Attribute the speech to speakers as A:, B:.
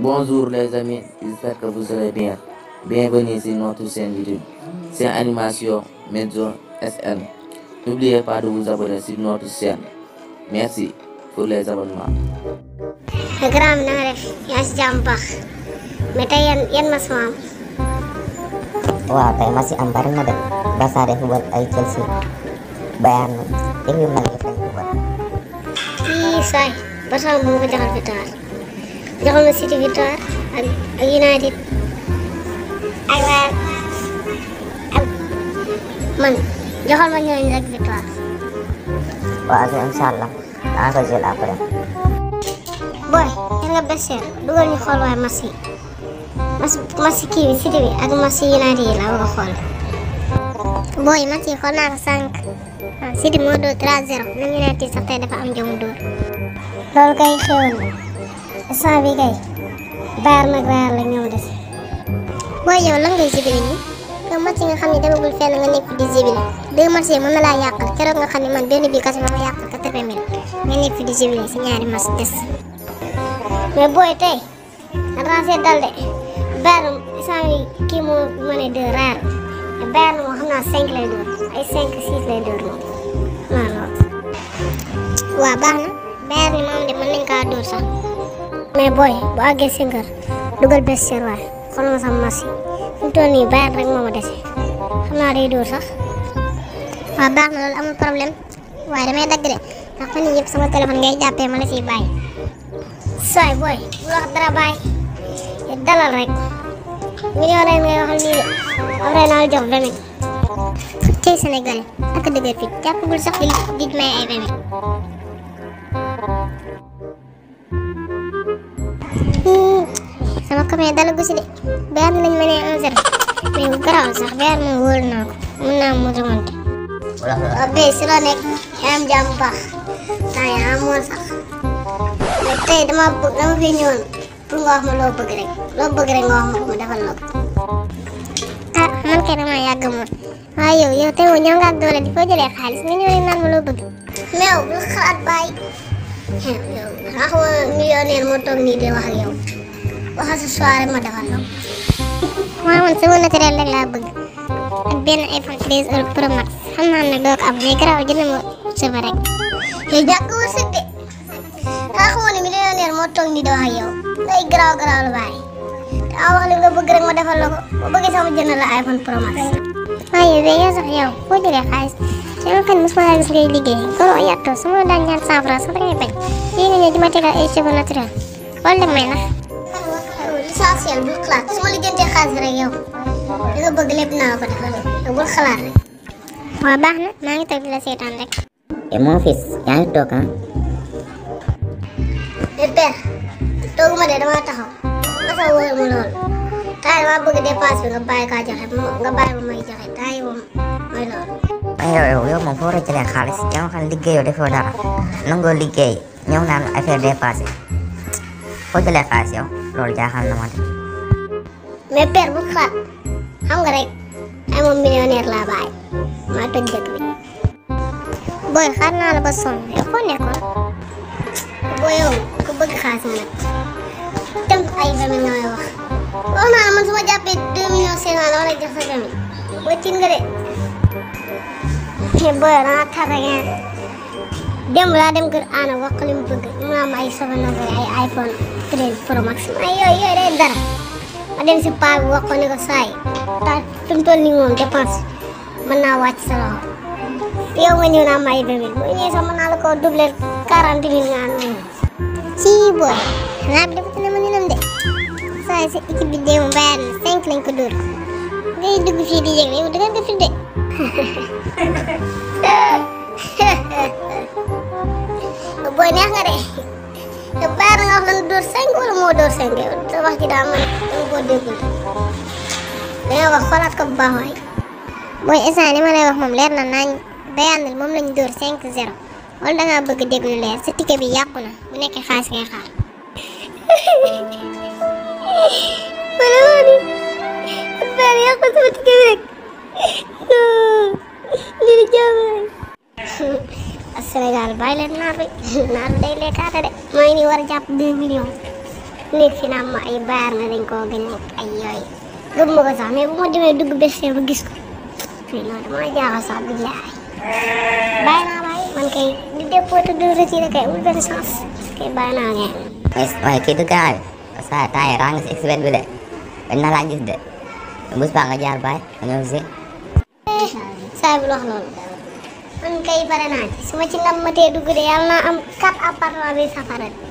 A: Bonjour les amis, j'espère que vous allez bien. Bienvenue sur notre chaîne YouTube. C'est Animation Médio SN. N'oubliez pas de vous abonner sur notre chaîne. Merci pour les abonnements. grand bi na nga def yaa si jàmm baax mais tey yan yan match am. waaw na de Barça de football ay Chelsea Bayern yu fay football. kii jaxal fi taal. joxoon na City victoire ak ak ak waa ak man joxoon ma ñooñu rek victoire. waaw ok incha allah daa ko jël après. booy yéen nga beseer dugal ñu xool waaye match yi kii bi City bi ak match United yi laa bëgg a xool. booy ah, am jom dóor. loolu kay xéwal saa bi kay baar na baar la ñëw des booy yow ngay jibili nii yow match nga xam ne demagul fenn nga nekk na laa yàqal keroog nga xam ne man benn bii ma ma yàqal quatre-vingt mille nga nekk di jibili si ñaari match des mais booy tey rancé dal de baar saa kii moo mën a deux raar baar moo xam naa cinq lay door ay cinq six lay door moom waaw loolu waaw ni moom de mën nañ kaa dóor sax mais booy bu àggee seen dugal bés seen waay xoolal ma sama marché fi rek ma dese xam naa day dóor sax. waaw baax na loolu amul problème waaye damay dagg de ndax fan yii yëpp sama téléphone ngay jàppee ma la siy bàyyi. sooy booy bu wax dara bàyyi dalal rek million rek ngay waxal nii après naa la jox vingt mille. cey Sénégal ak dëgër fi jàppagul sax di di may ay vingt mille. mais dalagu si de Bayern lañ mënee 1-0 mais bu garaaw sax Bayern moom wóor naa ko mun naa mu remonté. waaw béy si loo nekk yaa am jàmm bu baax temps yii amoon sax mais tey dama bëgg dama fi ñëwoon pour nga wax ma loo bëgg rek loo bëgg rek nga wax ma ko ma defal la ko. ah man kay damaa yàgg moom waaye yow yow tey woo ñëw nga ak doole di foo jëlee xaalis nga ñëw ne naan ma loo bëgg. mais yow bul xalaat bàyyi yow wax nga millionnaire moo toog nii di wax ak yow. waxal si soirée ma defal la ko waaye man sama naturel rek laa bëgg ak benn iPhone 13 Euro Pro Max xam naa nag doo ko am mais garaaw jënd ma cheveux rek yow jàkk wërsëg de xaa xamoon ne millionnaire moo toog nii di wax ak yow day garaaw garaaw lu bari te aw wax li nga bëgg rek ma defal la ko ba bëggee sax ma jënd la iPhone Pro Max waaye yow de yow sax yow foo jëlee xaalis te ma kan mosuma laa gis ngay liggéey góor oo yattoo su ma la daan ñaan cent francs sax da ngay bañ lii nga ñëw di ma tegal ay cheveux naturel loolu la may nax l'essentiel bul xalaat su ma lijjantee xaalis rek yow li nga bëgg naa ko defal la seetaan rek. et mon fils yaa ngi toog ah. mais père tooguma de damaa taxaw nga sax wóor ma lool taay damaa bëgg dépense bi kaa joxe nga bàyyi ma may joxe taay moom mooy loolu. waaye yow yow moom foo war a jëlee xaalis yaa ngi xam liggéeyoo defoo dara nangoo liggéey ñëw naan affaire dépassé. foo jëlee xaalis yow loolu jaaxal na ma de. mais père bu xaar xam nga rek ay moom millionnaire laa bàyyi maa toj dëkk bi. booy xaar naa la ba sonn yow foo nekkoon. booy yow ku bëgg xaalis nga nag tam ay vingt millions yoo wax. naa man su ma jàppee deux millions cinq cent a jox sa famille booy tiit nga de. booy yow danaa rek ay ay iPhone. 13 pro max ma yooyu yooyu dara ma si paa bi wax ko ne ko saa yi taa naa wàcc sa yow nga ñëw naa may bébé bu ñëwee sax mën naa la ko doubler 40 mille nga am ci booy xanaa bi dafa tënne ma ñu nam de saa yi sa équipe bi démb bayaat na 5 lañ ko dóor ngay dugg fii nga de lan door cinq wala moo door cinq te wax ji daa man dama koo déggul danga wax xoolaat ko bu baax waay mooy instant li ma lay wax moom leer na naañ bayaanal moom lañ door cinq zéro wala dangaa bëgg déglu leer sa ticket bi yàqu na bu nekkee xaalis ngay xaar wala woo ni affaire yàqu sama ticket bi rek lii di jàmm Sénégal bàyyi leen naar bi naar bi de mooy ni war a jàpp 2 millions nekk fi ma ay na dañ koo gën a ay yooyu gëm ma ko sax ma dugg berse ba ko fii loolu dama jaaxal sax bu naa bàyyi man kay di dépôt te du retiré naa ngeen. de dañ na nga jaar bàyyi nga ñëw si. saa bi wax loolu. man su ma ci namm tee dugg de yàlla naa am 4 appartement bi safara bi